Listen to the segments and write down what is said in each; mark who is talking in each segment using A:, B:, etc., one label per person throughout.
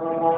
A: Thank you.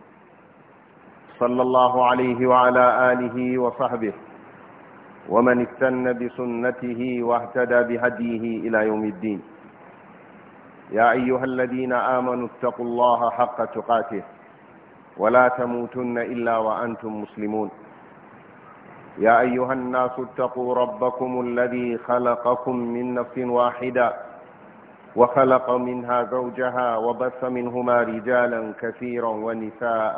A: صلى الله عليه وعلى آله وصحبه ومن استن بسنته واهتدى بهديه إلى يوم الدين يا أيها الذين آمنوا اتقوا الله حق تقاته ولا تموتن إلا وأنتم مسلمون يا أيها الناس اتقوا ربكم الذي خلقكم من نفس واحدة وخلق منها زوجها وبث منهما رجالا كثيرا ونساء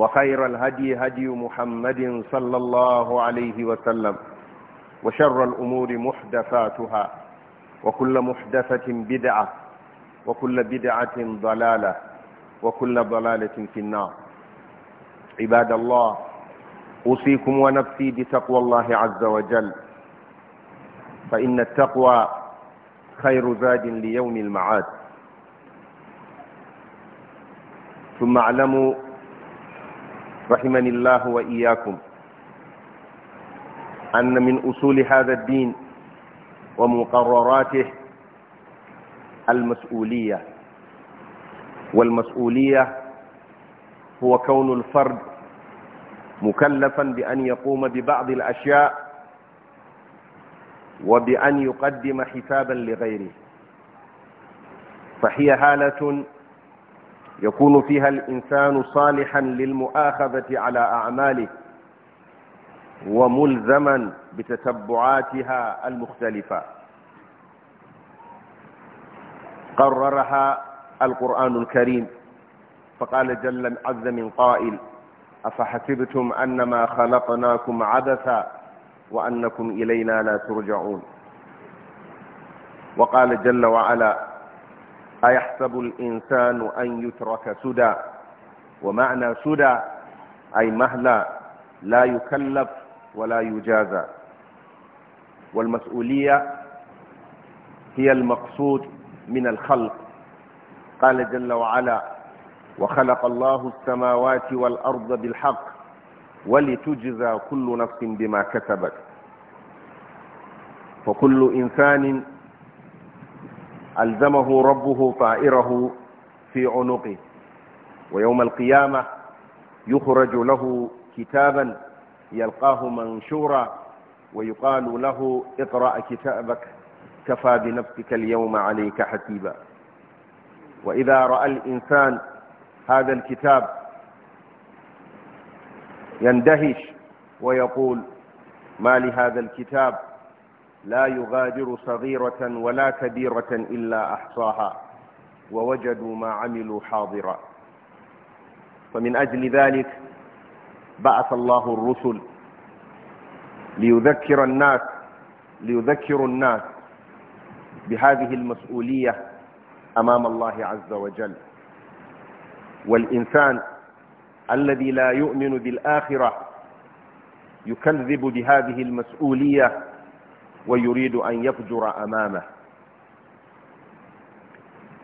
A: وخير الهدي هدي محمد صلى الله عليه وسلم وشر الأمور محدثاتها وكل محدثة بدعة وكل بدعة ضلالة وكل ضلالة في النار عباد الله أوصيكم ونفسي بتقوى الله عز وجل فإن التقوى خير زاد ليوم المعاد ثم اعلموا رحمني الله وإياكم أن من أصول هذا الدين ومقرراته المسؤولية والمسؤولية هو كون الفرد مكلفا بأن يقوم ببعض الأشياء وبأن يقدم حسابا لغيره فهي هالة يكون فيها الإنسان صالحا للمؤاخذة على أعماله وملزما بتتبعاتها المختلفة قررها القرآن الكريم فقال جل عز من قائل أفحسبتم أنما خلقناكم عبثا وأنكم إلينا لا ترجعون وقال جل وعلا أيحسب الإنسان أن يترك سدى ومعنى سدى أي مهلا لا يكلف ولا يجازى والمسؤولية هي المقصود من الخلق قال جل وعلا وخلق الله السماوات والأرض بالحق ولتجزى كل نفس بما كسبت فكل إنسان ألزمه ربه طائره في عنقه ويوم القيامة يخرج له كتابا يلقاه منشورا ويقال له اقرأ كتابك كفى بنفسك اليوم عليك حسيبا وإذا رأى الإنسان هذا الكتاب يندهش ويقول ما لهذا الكتاب لا يغادر صغيرة ولا كبيرة إلا أحصاها ووجدوا ما عملوا حاضرا فمن أجل ذلك بعث الله الرسل ليذكر الناس ليذكر الناس بهذه المسؤولية أمام الله عز وجل والإنسان الذي لا يؤمن بالآخرة يكذب بهذه المسؤولية ويريد أن يفجر أمامه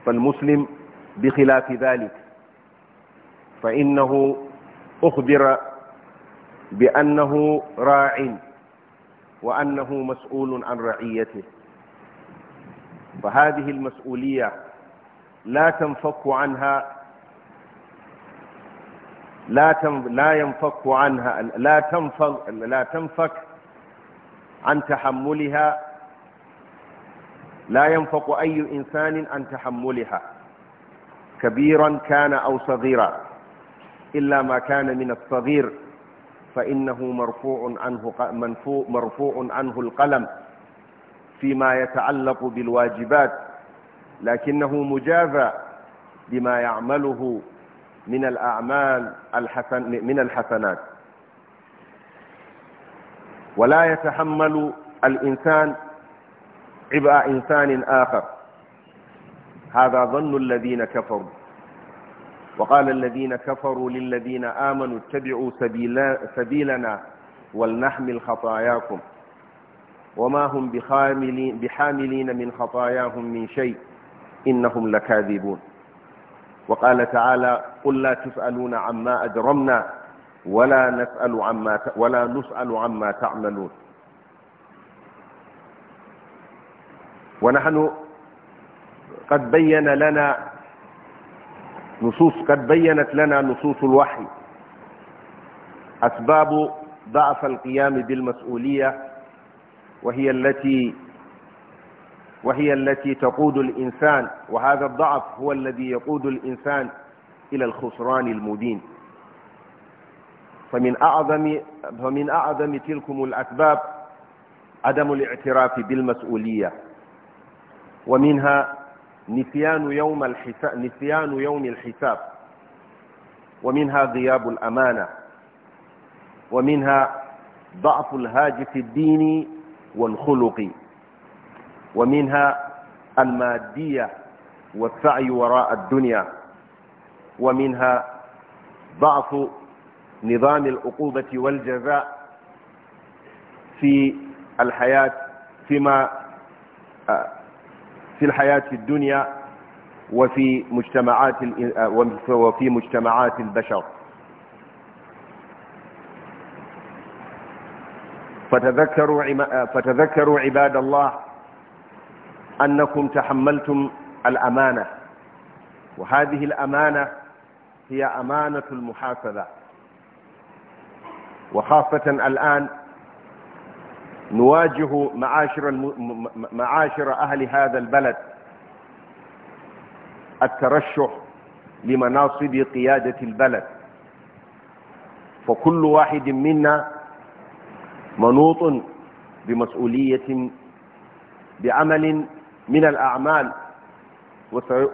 A: فالمسلم بخلاف ذلك فإنه أخبر بأنه راع وأنه مسؤول عن رعيته فهذه المسؤولية لا تنفك عنها لا تنفك عنها لا تنفك لا تنفك عن تحملها لا ينفق أي إنسان عن تحملها كبيرا كان أو صغيرا إلا ما كان من الصغير فإنه مرفوع عنه, مرفوع عنه القلم فيما يتعلق بالواجبات لكنه مجازى بما يعمله من الأعمال الحسن من الحسنات ولا يتحمل الإنسان عبء إنسان آخر هذا ظن الذين كفروا وقال الذين كفروا للذين آمنوا اتبعوا سبيلنا ولنحمل خطاياكم وما هم بخاملين بحاملين من خطاياهم من شيء إنهم لكاذبون وقال تعالى قل لا تسألون عما أجرمنا ولا نسأل عما ولا نسأل عما تعملون ونحن قد بين لنا نصوص قد بينت لنا نصوص الوحي أسباب ضعف القيام بالمسؤولية وهي التي وهي التي تقود الإنسان وهذا الضعف هو الذي يقود الإنسان إلى الخسران المدين فمن أعظم, فمن أعظم تلكم الأسباب عدم الاعتراف بالمسؤولية ومنها نسيان يوم الحساب نسيان يوم الحساب ومنها غياب الأمانة ومنها ضعف الهاجس الديني والخلقي ومنها المادية والسعي وراء الدنيا ومنها ضعف نظام العقوبة والجزاء في الحياة فيما آه، في الحياة الدنيا وفي مجتمعات آه، وفي مجتمعات البشر فتذكروا آه، فتذكروا عباد الله أنكم تحملتم الأمانة وهذه الأمانة هي أمانة المحاسبة وخاصة الآن نواجه معاشر, الم... معاشر أهل هذا البلد الترشح لمناصب قيادة البلد فكل واحد منا منوط بمسؤولية بعمل من الأعمال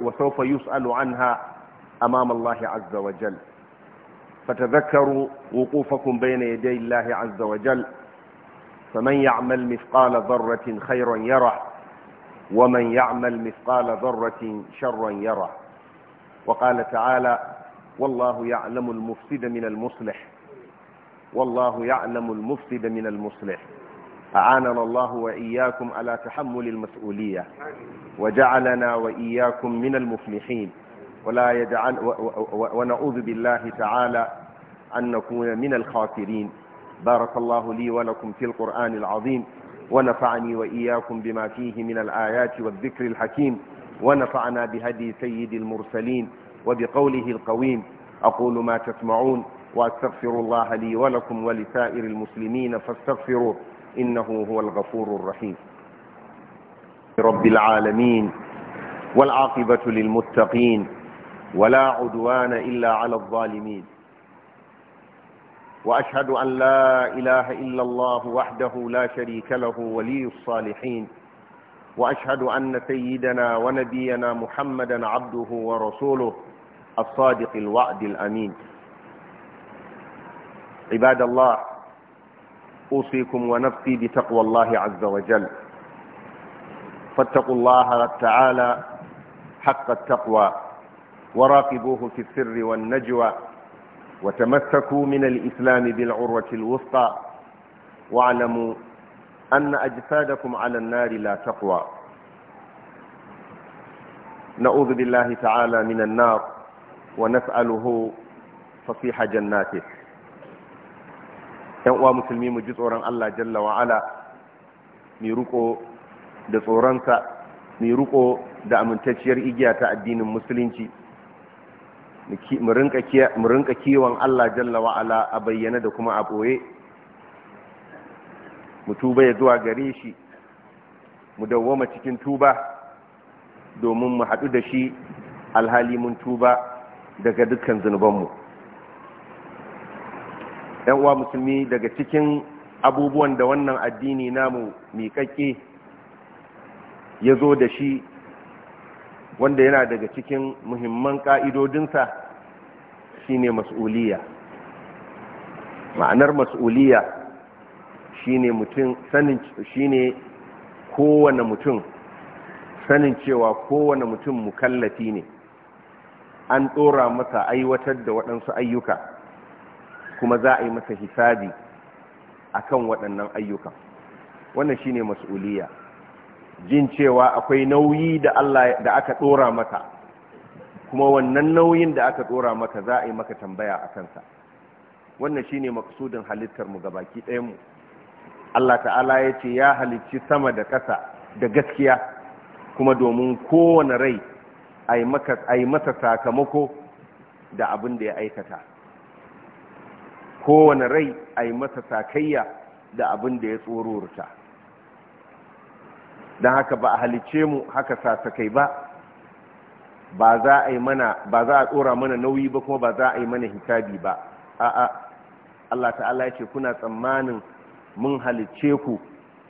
A: وسوف يسأل عنها أمام الله عز وجل فتذكروا وقوفكم بين يدي الله عز وجل فمن يعمل مثقال ذرة خيرا يره ومن يعمل مثقال ذرة شرا يره وقال تعالى والله يعلم المفسد من المصلح والله يعلم المفسد من المصلح أعاننا الله وإياكم على تحمل المسؤولية وجعلنا وإياكم من المفلحين ولا يجعل ونعوذ بالله تعالى أن نكون من الخاسرين بارك الله لي ولكم في القرآن العظيم ونفعني وإياكم بما فيه من الآيات والذكر الحكيم ونفعنا بهدي سيد المرسلين وبقوله القويم أقول ما تسمعون وأستغفر الله لي ولكم ولسائر المسلمين فاستغفروه إنه هو الغفور الرحيم رب العالمين والعاقبة للمتقين ولا عدوان إلا على الظالمين وأشهد أن لا إله إلا الله وحده لا شريك له ولي الصالحين وأشهد أن سيدنا ونبينا محمدا عبده ورسوله الصادق الوعد الأمين عباد الله أوصيكم ونفسي بتقوى الله عز وجل فاتقوا الله تعالى حق التقوى وراقبوه في السر والنجوى وتمسكوا من الإسلام بالعروة الوسطى واعلموا أن أجسادكم على النار لا تقوى نعوذ بالله تعالى من النار ونسأله فصيح جناته ‘yan مسلمين musulmi الله جل وعلا Allah jalla wa'ala mai ruko إجياء الدين المسلمين mu rinka kiwon Allah jalla wa'ala a bayyana da kuma a ɓoye mu tuba ya zuwa gare shi mu dawwama cikin tuba domin mu haɗu da shi alhali mun tuba daga dukkan zunubanmu ‘yan uwa musulmi daga cikin abubuwan da wannan addini namu miƙaƙe ya zo da shi wanda yana daga cikin muhimman ƙa'idodinsa shine mas'uliya ma'anar mas'uliya shine mutum sanin shine kowane mutum sanin cewa kowane mutum mukallafi ne an ɗora masa aiwatar da waɗansu ayyuka kuma za a yi masa hisabi akan waɗannan ayyukan wannan shine mas'uliya jin cewa akwai nauyi da Allah da aka dora maka kuma wannan nauyin da aka tsora maka za a yi maka tambaya a kansa wannan shine maksudin halittar mu baki ɗayan Allah ta'ala ya ce ya halicci sama da ƙasa da gaskiya kuma domin kowane rai a yi masa sakamako da abin da ya aikata kowane rai a yi masa sakayya da abin da ya tsororta don haka ba a halice mu haka sasakai ba ba za a yi mana ba za a tsora mana nauyi ba kuma ba za a yi mana hisabi ba a'a Allah ta'ala ya ce kuna tsammanin mun halicce ku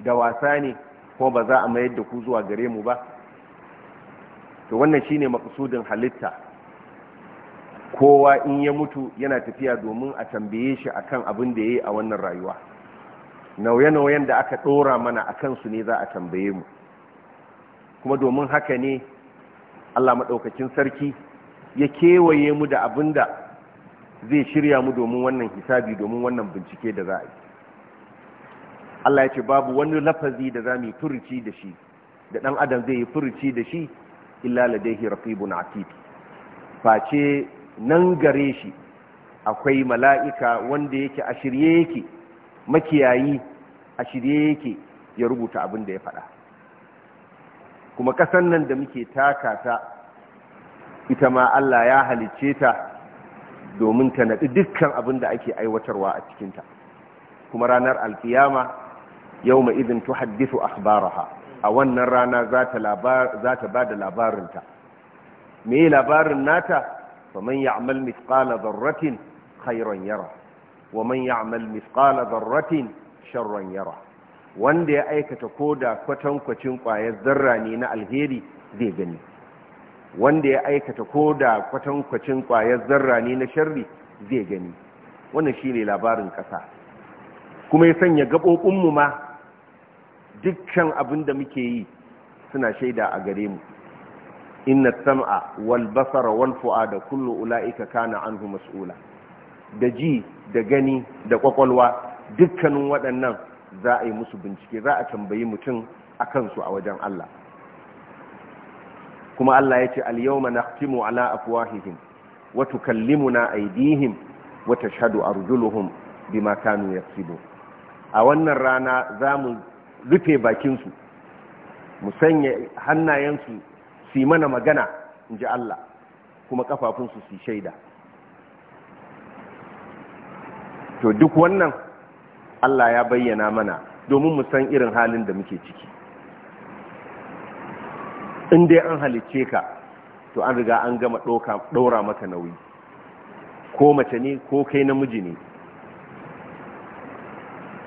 A: da wasa ne Kuma ba za a mayar da ku zuwa gare mu ba to wannan shine maksudin halitta kowa in ya mutu yana tafiya domin a tambaye shi akan abin da yayi a wannan rayuwa nauye-nauyen da aka ɗora mana a kansu ne za a tambaye mu kuma domin haka ne allah maɗaukakin sarki ya kewaye mu da abin da zai shirya mu domin wannan hisabi domin wannan bincike da za a yi allah ya ce babu wani lafazi da za mu yi furuci da shi da ɗan adam zai yi furuci da shi illa ladaihi raqibun atid face nan gare shi akwai mala'ika wanda yake a shirye yake makiyayi a shirye yake ya rubuta abin da ya faɗa kuma ƙasar nan da muke taka ta ita ma Allah ya halicce ta domin ta nadi dukkan abin da ake aiwatarwa a cikinta kuma ranar alkiyama yau idin izin tuhaddisu akhbaraha a wannan rana za ta ba da labarinta me labarin nata man ya'mal mithqala dharratin khayran yara wa man ya'mal mithqala dharratin sharran yara wanda ya aikata ko koda kwatankwacin kwayar zarra ne na alheri zai gani wanda ya aikata ko koda kwatankwacin kwayar zarra ne na sharri zai gani wannan shine labarin ƙasa. kuma ya sanya gabobin mu ma dukkan abin da muke yi suna shaida a gare mu inna sam'a wal basara wal fu'ada kullu ula'ika kana anhu mas'ula da ji da gani da kwakwalwa dukkanin waɗannan za a yi musu bincike za a tambayi mutum a kansu a wajen Allah kuma Allah ya ce al-yawma naqtimu ala afwahihim wa tukallimuna aydihim wa tashhadu arjuluhum bima kanu yaksibun a wannan rana za mu rufe bakinsu mu sanya hannayensu su yi mana magana in ji Allah kuma kafafunsu su shaida to duk wannan Allah ya bayyana mana domin mu san irin halin da muke ciki in dai an halicce ka to an riga an gama ɗora maka nauyi ko mace ne ko kai namiji ne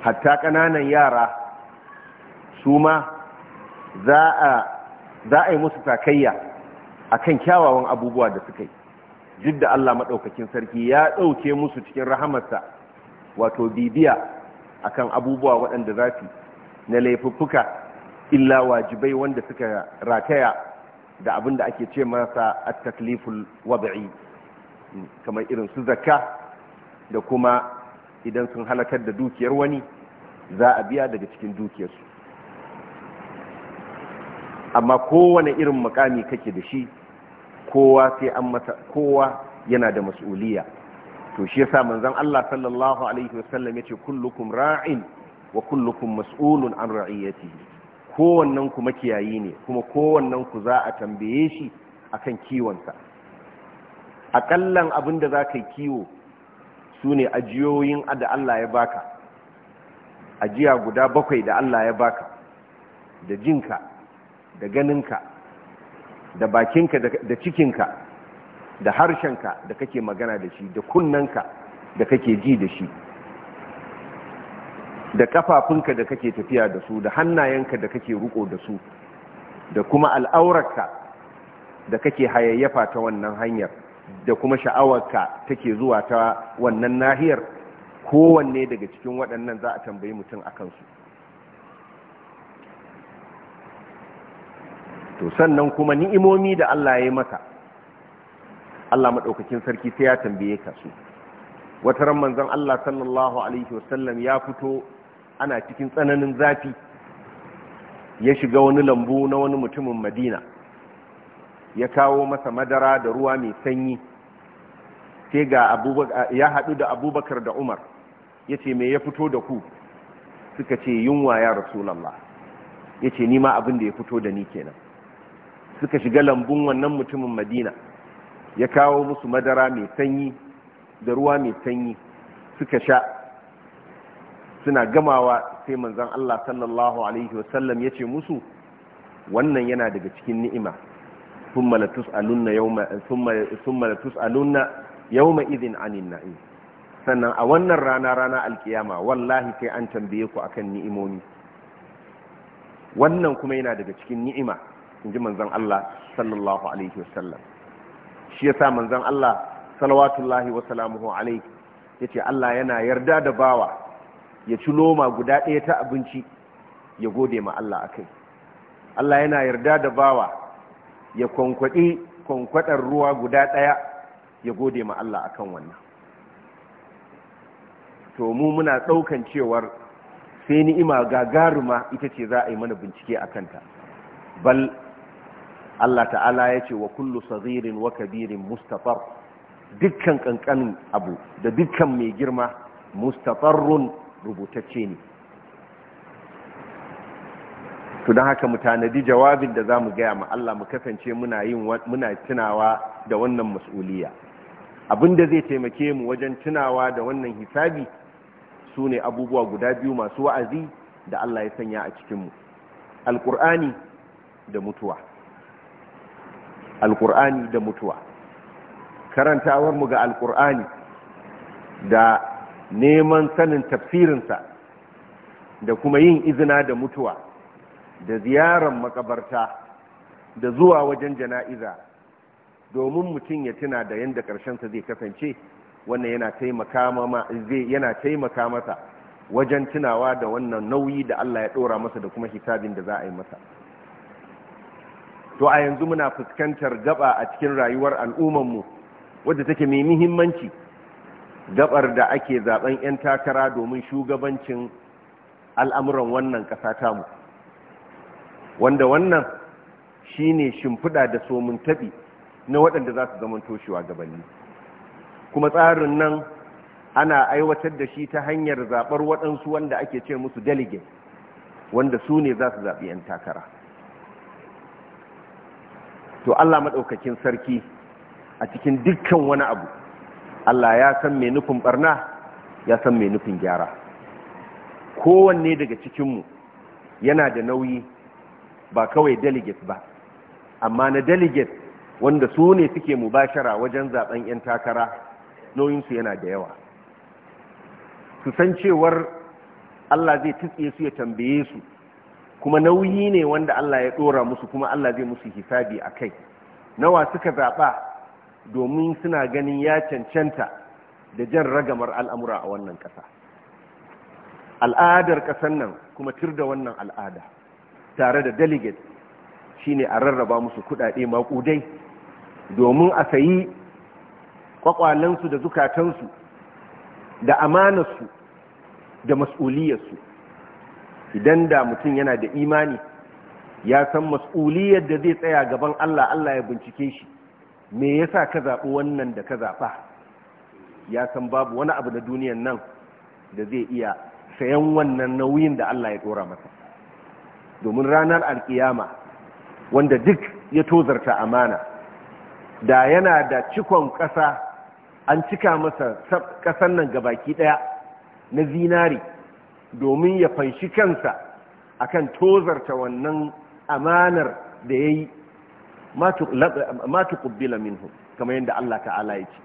A: hatta ƙananan yara su ma za a yi musu takayya a kan kyawawan abubuwa da suka yi jidda Allah maɗaukakin sarki ya ɗauke musu cikin rahamarsa wato bibiya akan abubuwa waɗanda za su na laifuffuka illa wajibai wanda suka rataya da abin da ake ce masa a takliful kamar irin su zakka da kuma idan sun halakar da dukiyar wani za a biya daga cikin dukiyarsu amma kowane irin makami kake da shi kowa sai an yana da mas'uliyya. to shi yasa manzon Allah sallallahu alaihi wasallam yace kullukum ra'in wa kullukum mas'ulun an ra'iyatihi kowannen ku makiyayi ne kuma kowannen ku za a tambaye shi akan kiwon sa. akallan abin da za kiwo sune ajiyoyin da Allah ya baka ajiya guda bakwai da Allah ya baka da jinka da ganinka da bakinka da cikinka da harshenka da kake magana da shi da kunnanka da kake ji da shi da kafafunka da kake tafiya da su da hannayenka da kake ruko da su da kuma al'aurarka da kake hayayyafa ta wannan hanyar da kuma sha'awarka take zuwa ta wannan nahiyar kowanne daga cikin waɗannan za a tambayi mutum a kansu to sannan kuma ni'imomi da Allah ya yi maka Allah maɗaukakin sarki sai ya tambaye ka su wata ran manzon Allah sallallahu alaihi wasallam ya fito ana cikin tsananin zafi ya shiga wani lambu na wani mutumin Madina ya kawo masa madara da ruwa mai sanyi sai ga ya haɗu da abubakar da umar ya ce mai ya fito da ku suka ce yunwa ya rasulallah ya ce nima abin da ya fito da ni kenan suka shiga lambun wannan mutumin madina ya kawo musu madara mai sanyi da ruwa mai sanyi suka sha suna gamawa sai manzan Allah sallallahu alaihi wasallam ya ce musu wannan yana daga cikin ni'ima sun malatus alunna yau ma'izin anin na'im sannan a wannan rana rana alkiyama wallahi sai an tambaye ku akan ni'imomi wannan kuma yana daga cikin ni'ima in ji manzan Allah sallallahu alaihi wasallam shi ya sa manzon Allah salawatullahi wa salamuhu ya ce Allah yana yarda da bawa ya ci loma guda ɗaya ta abinci ya gode ma Allah a kai. Allah yana yarda da bawa ya kwankwaɗi kwankwaɗar ruwa guda ɗaya ya gode ma Allah a kan wannan to mu muna ɗaukan cewar sai ni'ima gagaruma ita ce za a yi mana bincike a kanta bal Allah ta'ala ya ce wa kullu sazirin wa kabirin mustafar dukkan kankanin abu da dukkan mai girma mustafarun rubutacce ne Tuna haka mu tanadi jawabin da za mu gaya ma Allah mu kasance muna yin muna tunawa da wannan mas'uliya abinda zai taimake mu wajen tunawa da wannan hisabi su ne abubuwa guda biyu masu wa'azi da Allah ya sanya a cikinmu alkur'ani da mutuwa alkur'ani da mutuwa karantawarmu ga alkur'ani da neman sanin tafsirinsa da kuma yin izina da mutuwa da ziyarar makabarta da zuwa wajen jana'iza domin mutum ya tuna da yadda ƙarshensa zai kasance wannan yana taimaka masa wajen tunawa da wannan nauyi da Allah ya ɗora masa da kuma hisabin da za a yi masa to a yanzu muna fuskantar gaba a cikin rayuwar al'ummanmu wadda take mai muhimmanci gabar da ake zaben 'yan takara domin shugabancin al'amuran wannan ƙasa tamu wanda wannan shine shimfiɗa da somun taɓi na waɗanda za su zama toshewa gabanni kuma tsarin nan ana aiwatar da shi ta hanyar zaɓar waɗansu wanda ake ce musu delegate wanda su ne za su zaɓi 'yan takara to Allah maɗaukakin sarki a cikin dukkan wani abu Allah ya san mai nufin barna ya san mai nufin gyara kowanne daga cikinmu yana da nauyi ba kawai delegate ba amma na delegate wanda su ne suke mubashara wajen zaben 'yan takara nauyinsu yana da yawa su san cewar Allah zai tutse su ya tambaye su kuma nauyi ne wanda Allah ya dora musu kuma Allah zai musu hisabi a kai nawa suka zaɓa domin suna ganin ya cancanta da jan ragamar al'amura a wannan ƙasa al'adar ƙasar nan kuma tur da wannan al'ada tare da delegate shine a rarraba musu kuɗaɗe maƙudai domin a sayi ƙwaƙwalensu da zukatansu da amanarsu da mas'uliyarsu idan da mutum yana da imani ya san mas'uliyar da zai tsaya gaban Allah Allah ya bincike shi me yasa ka zaɓi wannan da ka zaɓa ya san babu wani abu na duniyan nan da zai iya sayan wannan nauyin da Allah ya dora masa domin ranar alkiyama wanda duk ya tozarta amana da yana da cikon ƙasa an cika masa ƙasan nan ga baki ɗaya na zinari domin ya fanshi kansa akan tozarta wannan amanar da ya yi matu ƙubbila minhu kama yadda Allah ta'ala ya ce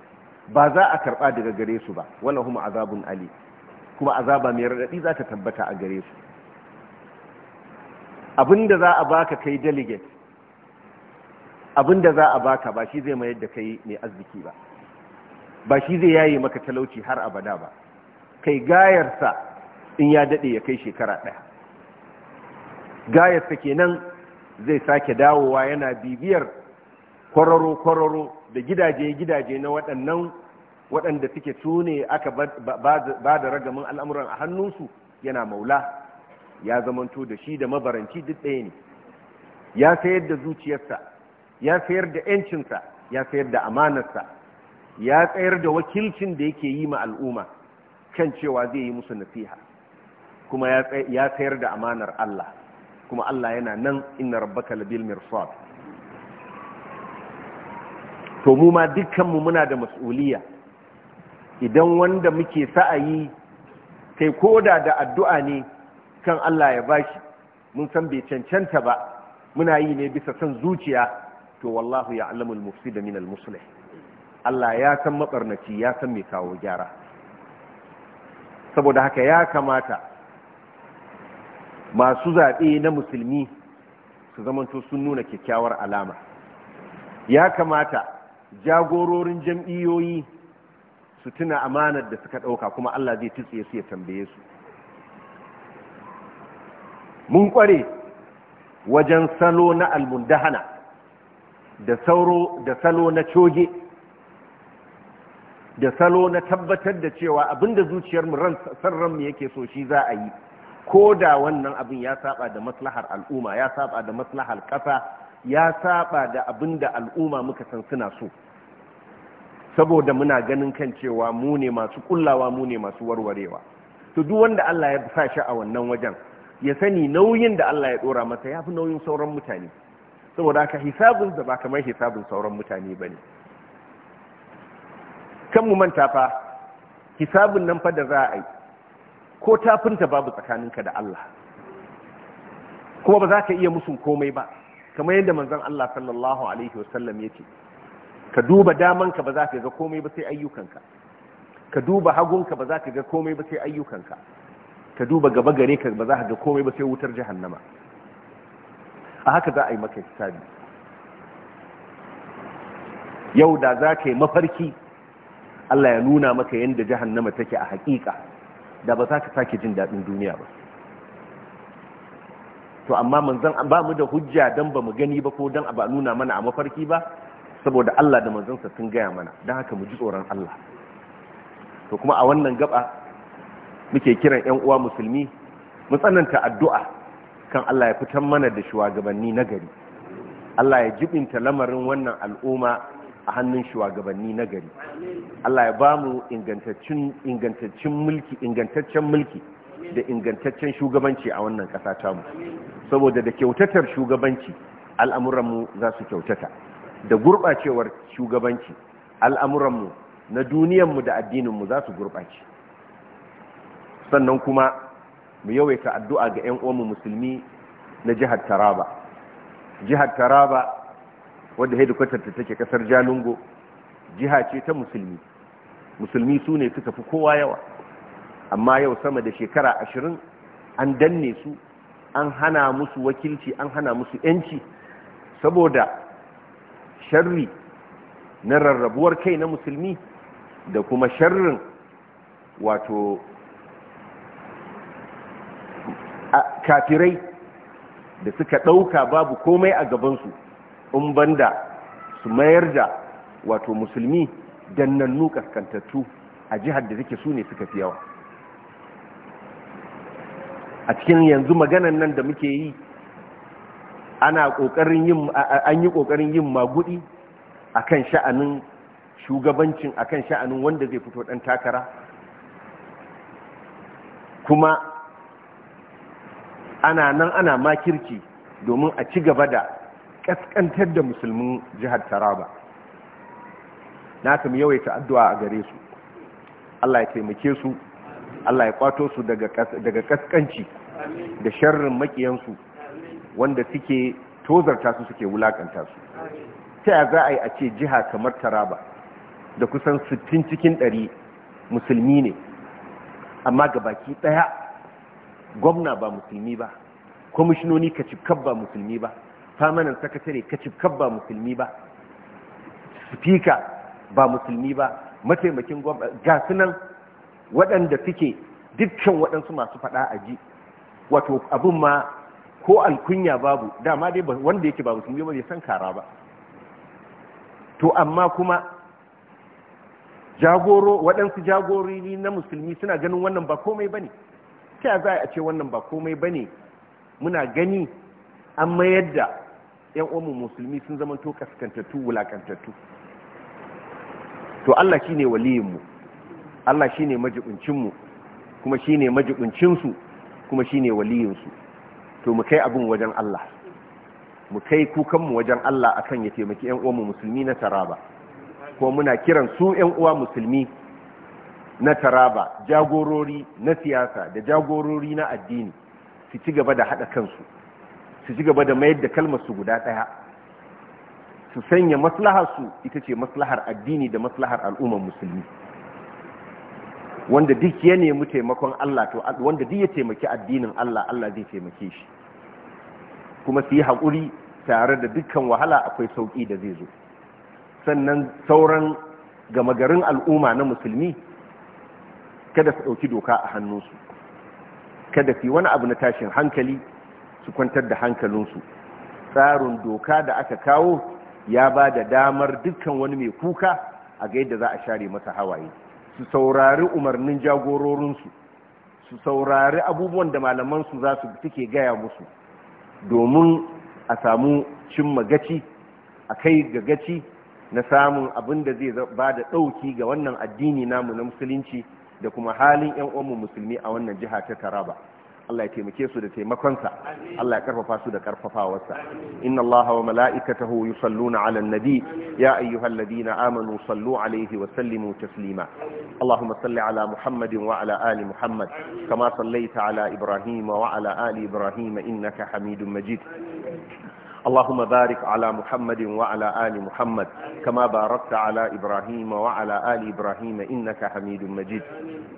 A: ba za a karɓa daga gare su ba wala kuma azabun ali kuma azaba mai raɗaɗi za ta tabbata a gare su abinda za a baka kai delegate abinda za a baka ba shi zai mayar da kai mai arziki ba ba shi zai yaye maka talauci har abada ba kai gayarsa in ya daɗe ya kai shekara ɗaya gayarsa kenan zai sake dawowa yana bibiyar kwararo-kwararo da gidaje-gidaje na waɗannan waɗanda suke tune aka ba da ragamin al'amuran a hannunsu yana maula ya zamanto da shi da mabaranci duk ɗaya ne ya sayar da zuciyarsa ya sayar da ‘yancinsa ya sayar da amanarsa ya tsayar da wakilcin da yake yi ma al'umma kan cewa zai yi musu nasiha kuma ya tsayar da amanar Allah kuma Allah yana nan inna rabbaka labil mirsad to mu ma dukkanmu muna da mas'uliya idan wanda muke sa'ayi kai koda da addu'a ne kan Allah ya bashi mun san bai cancanta ba muna yi ne bisa san zuciya to wallahu ya'lamul mufsida minal muslih Allah ya san mabarnaci ya san mai kawo gyara saboda haka ya kamata masu zaɓe na musulmi su zamanto sun nuna kyakkyawar alama ya kamata jagororin jam'iyyoyi su tuna amanar da suka ɗauka kuma Allah zai tutse su ya tambaye su mun ƙware wajen salo na almundahana da sauro da salo na coge da salo na tabbatar da cewa abinda zuciyar mu ran sarran mu yake so shi za a yi ko da wannan abin ya saba da maslahar al'umma ya saba da maslahar kasa ya saba da abin da al'umma muka san suna so saboda muna ganin kan cewa mu ne masu kullawa mu ne masu warwarewa to duk wanda Allah ya sa shi a wannan wajen ya sani nauyin da Allah ya dora masa ya fi nauyin sauran mutane saboda haka hisabin da ba kamar hisabin sauran mutane bane kan mu manta fa hisabin nan fa da za a yi ko tafinta babu tsakaninka da Allah kuma ba za ka iya musun komai ba kamar yadda manzan Allah sallallahu alaihi wasallam yake ka duba damanka ba za ka ga komai ba sai ayyukanka ka duba hagunka ba za ka ga komai ba sai ayyukanka ka duba gaba gare ka ba za ka ga komai ba sai wutar jahannama a haka za a yi maka hisabi yau da za ka yi mafarki Allah ya nuna maka yadda jahannama take a haƙiƙa. da ba za ka sake jin daɗin duniya ba to amma manzon ba mu da hujja dan ba mu gani ba ko dan ba nuna mana a mafarki ba saboda Allah da manzansa sun gaya mana don haka mu ji tsoron Allah to kuma a wannan gaba muke kiran 'yan uwa musulmi mu tsananta addu'a kan Allah ya fitar mana da shugabanni gari Allah ya jibinta lamarin wannan al'umma a hannun shugabanni na gari Allah ya bamu ingantaccen ingantaccen mulki ingantaccen mulki da ingantaccen shugabanci a wannan ƙasa mu. saboda da kyautatar shugabanci al'amuranmu za su kyautata da gurɓacewar shugabanci al'amuranmu na duniyar mu da addininmu za su gurɓace sannan kuma mu yawaita addu'a ga 'yan uwanmu musulmi na jihar taraba jihar taraba wadda hedikwatar ta take kasar jalingo jiha ce ta musulmi musulmi su ne suka fi kowa yawa amma yau sama da shekara ashirin an danne su an hana musu wakilci an hana musu yanci saboda sharri na rarrabuwar kai na musulmi da kuma sharrin wato kafirai da suka ɗauka babu komai a gabansu in banda su mayar da wato musulmi dannannu kaskantattu a jihar da take su ne suka fi yawa a cikin yanzu maganan nan da muke yi ana kokarin yin an yi kokarin yin magudi akan sha'anin shugabancin akan sha'anin wanda zai fito dan takara kuma ana nan ana makirki domin a ci gaba da kaskantar da musulmin jihar taraba na kam yawaita addu'a a gare su allah ya taimake su allah ya kwato su daga kaskanci da sharrin makiyansu wanda suke tozarta su suke wulakanta su ta ya za a yi a ce jiha kamar taraba da kusan sittin cikin 100 musulmi ne amma ga baki ɗaya gwamna ba musulmi ba kwamishinoni ka cikar ba musulmi ba samanin sakatare ka kacifkab ba musulmi ba spika ba musulmi ba mataimakin ga nan waɗanda suke dukkan waɗansu masu faɗa a ji wato abin ma ko alkunya babu dama dai wanda yake ba musulmi ba zai san kara ba to amma kuma jagoro waɗansu jagorori na musulmi suna ganin wannan ba komai ba ne ta za a ce wannan ba komai ba ne muna gani an mayar da yan uwanmu musulmi sun to kaskantattu wulakantattu to Allah shine waliyinmu Allah shine majibincinmu kuma shine majibincinsu kuma shine waliyinsu to mu kai abin wajen Allah mu kai kukanmu wajen Allah akan ya taimaki yan uwanmu musulmi na taraba ko muna kiran su yan uwa musulmi na taraba jagorori na siyasa da jagorori na addini su ci gaba da haɗa kansu su ci gaba da mayar da kalmar su guda ɗaya su sanya maslahar su ita ce maslahar addini da maslahar al'ummar musulmi wanda duk ya nemi taimakon Allah to wanda duk ya taimaki addinin Allah Allah zai taimake shi kuma su yi haƙuri tare da dukkan wahala akwai sauƙi da zai zo sannan sauran gama garin al'umma na musulmi kada su ɗauki doka a hannunsu kada su yi wani abu na tashin hankali su kwantar da hankalinsu tsarin doka da aka kawo ya ba da damar dukkan wani mai kuka a ga yadda za a share masa hawaye su saurari umarnin jagororinsu su saurari abubuwan da malamansu za su suke gaya musu domin a samu cimma gaci a kai ga gaci na samun abin da zai ba da ɗauki ga wannan addini namu na musulunci da kuma halin 'yan uwanmu musulmi a wannan jiha ta taraba Allah ya taimake su da taimakonsa Allah ya karfafa su da karfafawarsa inna Allah wa mala'ikatahu yusalluna 'alan nabi ya ayyuhalladhina amanu sallu 'alayhi wa sallimu taslima Allahumma salli 'ala Muhammadin wa 'ala ali Muhammad kama sallaita 'ala Ibrahim wa 'ala ali Ibrahim innaka Hamidum Majid اللهم بارك على محمد وعلى آل محمد كما باركت على إبراهيم وعلى آل إبراهيم إنك حميد مجيد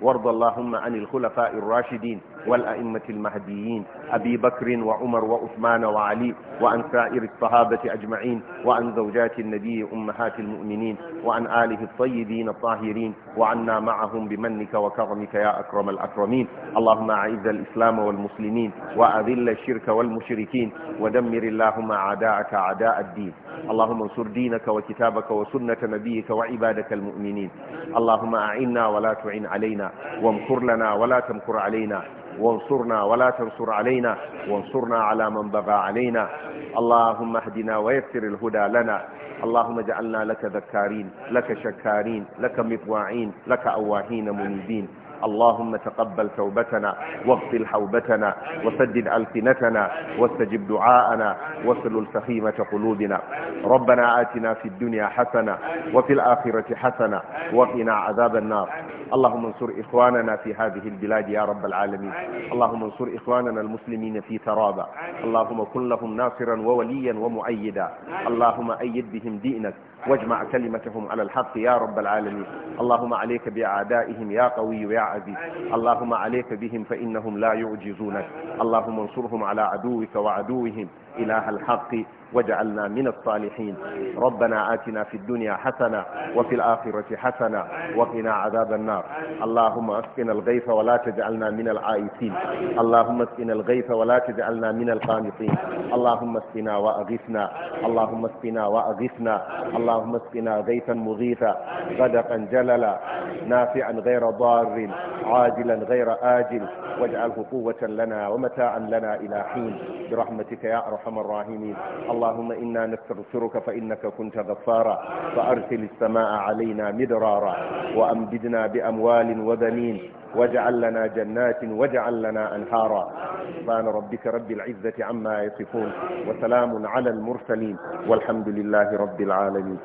A: وارض اللهم عن الخلفاء الراشدين والأئمة المهديين أبي بكر وعمر وعثمان وعلي وعن سائر الصحابة أجمعين وعن زوجات النبي أمهات المؤمنين وعن آله الطيبين الطاهرين وعنا معهم بمنك وكرمك يا أكرم الأكرمين اللهم أعز الإسلام والمسلمين وأذل الشرك والمشركين ودمر اللهم أعداءك أعداء الدين اللهم انصر دينك وكتابك كتابك وسنة نبيك وعبادك المؤمنين اللهم أعنا ولا تعن علينا وامكر لنا ولا تمكر علينا وانصرنا ولا تنصر علينا وانصرنا على من بغى علينا اللهم اهدنا ويسر الهدى لنا اللهم اجعلنا لك ذكارين لك شكارين لك مطواعين لك أواهين منيبين اللهم تقبل توبتنا واغفر حوبتنا وسدد ألسنتنا واستجب دعاءنا واسلل سخيمة قلوبنا ربنا آتنا في الدنيا حسنة وفي الآخرة حسنة وقنا عذاب النار اللهم انصر إخواننا في هذه البلاد يا رب العالمين اللهم انصر إخواننا المسلمين في ترابة اللهم كن لهم ناصرا ووليا ومؤيدا اللهم أيد بهم دينك واجمع كلمتهم على الحق يا رب العالمين اللهم عليك بأعدائهم يا قوي يا عزيز اللهم عليك بهم فإنهم لا يعجزونك اللهم انصرهم على عدوك وعدوهم إله الحق واجعلنا من الصالحين ربنا آتنا في الدنيا حسنة وفي الآخرة حسنة وقنا عذاب النار اللهم اسقنا الغيث ولا تجعلنا من العائسين اللهم اسقنا الغيث ولا تجعلنا من القانطين اللهم اسقنا وأغثنا اللهم اسقنا وأغثنا اللهم اسقنا غيثا مغيثا غدقا جللا نافعا غير ضار عاجلا غير آجل واجعله قوة لنا ومتاعا لنا إلى حين برحمتك يا أرحم أرحم الراحمين اللهم إنا نستغفرك فإنك كنت غفارا فأرسل السماء علينا مدرارا وأمددنا بأموال وبنين واجعل لنا جنات واجعل لنا أنهارا سبحان ربك رب العزة عما يصفون وسلام على المرسلين والحمد لله رب العالمين